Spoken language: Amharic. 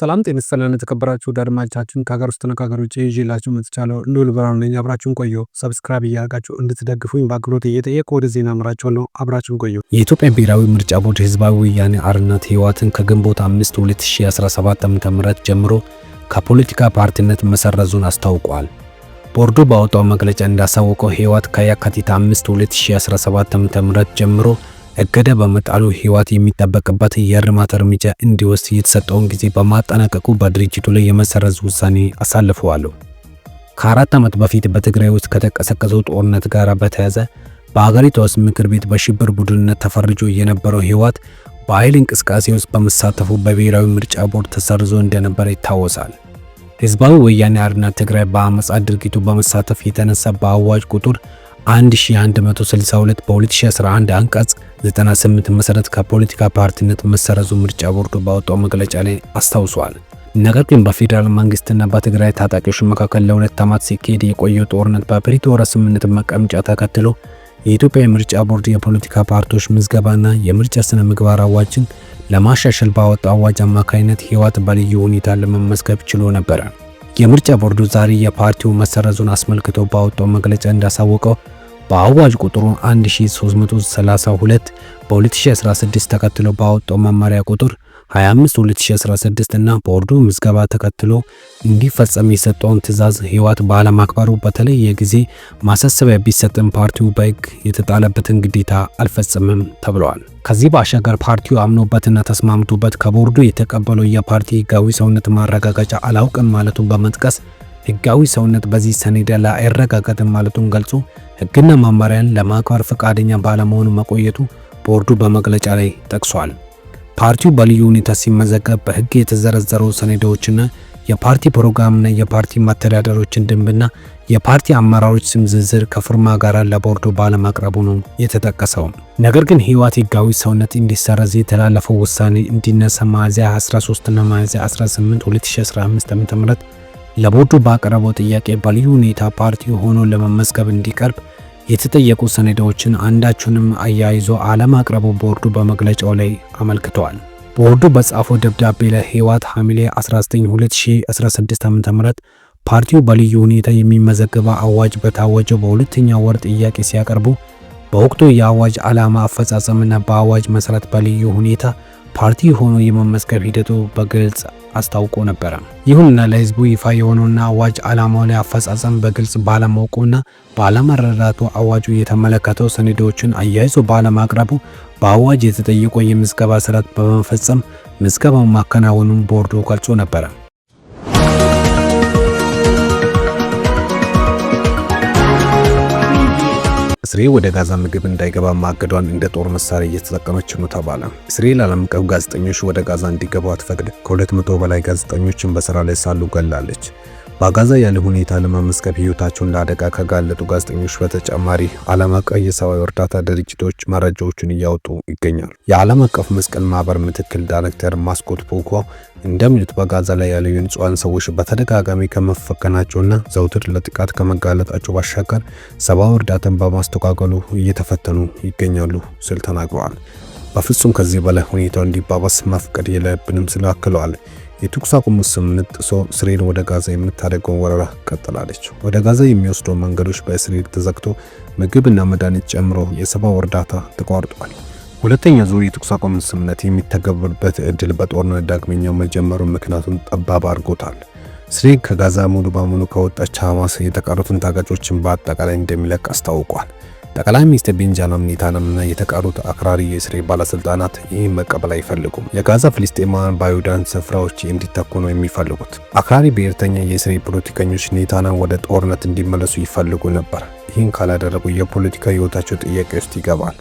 ሰላም ጤና ይስጥልን የተከበራችሁ አድማጮቻችን፣ ከሀገር ውስጥና ከሀገር ውጭ ይዤላችሁ መጥቻለሁ። ልዑል ብርሃኑ ነኝ። አብራችሁን ቆዩ። ሰብስክራይብ እያደረጋችሁ እንድትደግፉኝ በአክብሮት እየጠየቅኩ ወደ ዜና አምራችኋለሁ። አብራችሁን ቆዩ። የኢትዮጵያ ብሔራዊ ምርጫ ቦርድ ህዝባዊ ወያኔ ሓርነት ህወሓትን ከግንቦት 5 2017 ዓ.ም ጀምሮ ከፖለቲካ ፓርቲነት መሰረዙን አስታውቋል። ቦርዱ ባወጣው መግለጫ እንዳሳወቀው ህወሓት ከየካቲት 5 2017 ዓ.ም ጀምሮ እገዳ በመጣሉ ህይወት የሚጠበቅበት የእርማት እርምጃ እንዲወስድ የተሰጠውን ጊዜ በማጠናቀቁ በድርጅቱ ላይ የመሰረዝ ውሳኔ አሳልፈዋል። ከአራት ዓመት በፊት በትግራይ ውስጥ ከተቀሰቀሰው ጦርነት ጋር በተያዘ በአገሪቷ ውስጥ ምክር ቤት በሽብር ቡድንነት ተፈርጆ የነበረው ህይወት በኃይል እንቅስቃሴ ውስጥ በመሳተፉ በብሔራዊ ምርጫ ቦርድ ተሰርዞ እንደነበረ ይታወሳል። ህዝባዊ ወያኔ አርና ትግራይ በአመጻ ድርጊቱ በመሳተፍ የተነሳ በአዋጅ ቁጥር 1162 በ2011 አንቀጽ 98 መሰረት ከፖለቲካ ፓርቲነት መሰረዙ ምርጫ ቦርዱ ባወጣው መግለጫ ላይ አስታውሷል። ነገር ግን በፌዴራል መንግስትና በትግራይ ታጣቂዎች መካከል ለሁለት ዓመት ሲካሄድ የቆየው ጦርነት በፕሪቶሪያ ስምምነት መቀመጫ ተከትሎ የኢትዮጵያ የምርጫ ቦርድ የፖለቲካ ፓርቲዎች ምዝገባና የምርጫ ስነ ምግባር አዋጅን ለማሻሸል ባወጣው አዋጅ አማካኝነት ህወሓት በልዩ ሁኔታ ለመመዝገብ ችሎ ነበረ። የምርጫ ቦርዱ ዛሬ የፓርቲው መሰረዙን አስመልክቶ ባወጣው መግለጫ እንዳሳወቀው በአዋጅ ቁጥሩ 1332 በ2016 ተከትሎ ባወጣው መመሪያ ቁጥር 25 2016 እና ቦርዱ ምዝገባ ተከትሎ እንዲፈጸም የሰጠውን ትዕዛዝ ህይወት ባለማክበሩ በተለየ ጊዜ ማሳሰቢያ ቢሰጥም ፓርቲው በህግ የተጣለበትን ግዴታ አልፈጸምም ተብለዋል። ከዚህ ባሻገር ፓርቲው አምኖበትና ተስማምቶበት ከቦርዱ የተቀበለው የፓርቲ ህጋዊ ሰውነት ማረጋገጫ አላውቅም ማለቱን በመጥቀስ ህጋዊ ሰውነት በዚህ ሰሌዳ ላይ አይረጋገጥም ማለቱን ገልጾ ህግና መመሪያን ለማክበር ፈቃደኛ ባለመሆኑ መቆየቱ ቦርዱ በመግለጫ ላይ ጠቅሷል። ፓርቲው በልዩ ሁኔታ ሲመዘገብ በህግ የተዘረዘሩ ሰሌዳዎችና የፓርቲ ፕሮግራምና የፓርቲ መተዳደሮችን ድንብና የፓርቲ አመራሮች ስም ዝርዝር ከፊርማ ጋር ለቦርዱ ባለማቅረቡ ነው የተጠቀሰው። ነገር ግን ህወሓት ህጋዊ ሰውነት እንዲሰረዝ የተላለፈው ውሳኔ እንዲነሳ ሚያዝያ 13 እና ሚያዝያ 18 2015 ዓ.ም ለቦርዱ ባቀረበው ጥያቄ በልዩ ሁኔታ ፓርቲ ሆኖ ለመመዝገብ እንዲቀርብ የተጠየቁ ሰኔዳዎችን አንዳችንም አያይዞ አለማቅረቡ ቦርዱ በመግለጫው ላይ አመልክተዋል። ቦርዱ በጻፈው ደብዳቤ ለህወሓት ሐምሌ 19 2016 ዓ.ም ፓርቲው በልዩ ሁኔታ የሚመዘገበ አዋጅ በታወጀው በሁለተኛ ወር ጥያቄ ሲያቀርቡ በወቅቱ የአዋጅ ዓላማ አፈጻጸምና በአዋጅ መሰረት በልዩ ሁኔታ ፓርቲ ሆኖ የመመዝገብ ሂደቱ በግልጽ አስታውቆ ነበረ። ይሁንና ለህዝቡ ይፋ የሆነውና አዋጅ ዓላማው ላይ አፈጻጸም በግልጽ ባለማወቁና ባለመረዳቱ አዋጁ የተመለከተው ሰነዶችን አያይዞ ባለማቅረቡ በአዋጅ የተጠየቀው የምዝገባ ስርዓት በመፈጸም ምዝገባው ማከናወኑን ቦርዱ ገልጾ ነበረ። እስራኤል ወደ ጋዛ ምግብ እንዳይገባ ማገዷን እንደ ጦር መሳሪያ እየተጠቀመች ነው ተባለ። እስራኤል ዓለም አቀፍ ጋዜጠኞች ወደ ጋዛ እንዲገቡ አትፈቅድ፣ ከ ከ200 በላይ ጋዜጠኞችን በስራ ላይ ሳሉ ገላለች። በጋዛ ያለ ሁኔታ ለመመስከብ ህይወታቸውን ለአደጋ ከጋለጡ ጋዜጠኞች በተጨማሪ ዓለም አቀፍ የሰብአዊ እርዳታ ድርጅቶች መረጃዎችን እያወጡ ይገኛሉ። የዓለም አቀፍ መስቀል ማህበር ምትክል ዳይሬክተር ማስኮት ፖኳ እንደሚሉት በጋዛ ላይ ያለው የንጹሃን ሰዎች በተደጋጋሚ ከመፈከናቸውና ዘውትር ለጥቃት ከመጋለጣቸው ባሻገር ሰብአዊ እርዳታን በማስተጓገሉ እየተፈተኑ ይገኛሉ ስል ተናግረዋል። በፍጹም ከዚህ በላይ ሁኔታው እንዲባባስ መፍቀድ የለብንም ስለ አክለዋል። የተኩስ አቁሙ ስምምነት ጥሶ እስራኤል ወደ ጋዛ የምታደርገው ወረራ ቀጥላለች። ወደ ጋዛ የሚወስዱ መንገዶች በእስራኤል ተዘግቶ ምግብና መድኃኒት ጨምሮ የሰብአዊ እርዳታ ተቋርጧል። ሁለተኛ ዙር የተኩስ አቁም ስምምነት የሚተገበርበት እድል በጦርነት ዳግመኛው መጀመሩ ምክንያቱን ጠባብ አድርጎታል። እስራኤል ከጋዛ ሙሉ በሙሉ ከወጣች ሐማስ የተቀሩትን ታጋቾችን በአጠቃላይ እንደሚለቅ አስታውቋል። ጠቅላይ ሚኒስትር ቤንጃሚን ኔታንያሁና የተቀሩት አክራሪ የእስራኤል ባለስልጣናት ይህን መቀበል አይፈልጉም። የጋዛ ፍልስጤማውያን በአይሁዳን ስፍራዎች እንዲተኩ ነው የሚፈልጉት። አክራሪ ብሔርተኛ የእስራኤል ፖለቲከኞች ኔታንያሁ ወደ ጦርነት እንዲመለሱ ይፈልጉ ነበር። ይህን ካላደረጉ የፖለቲካ ህይወታቸው ጥያቄ ውስጥ ይገባል።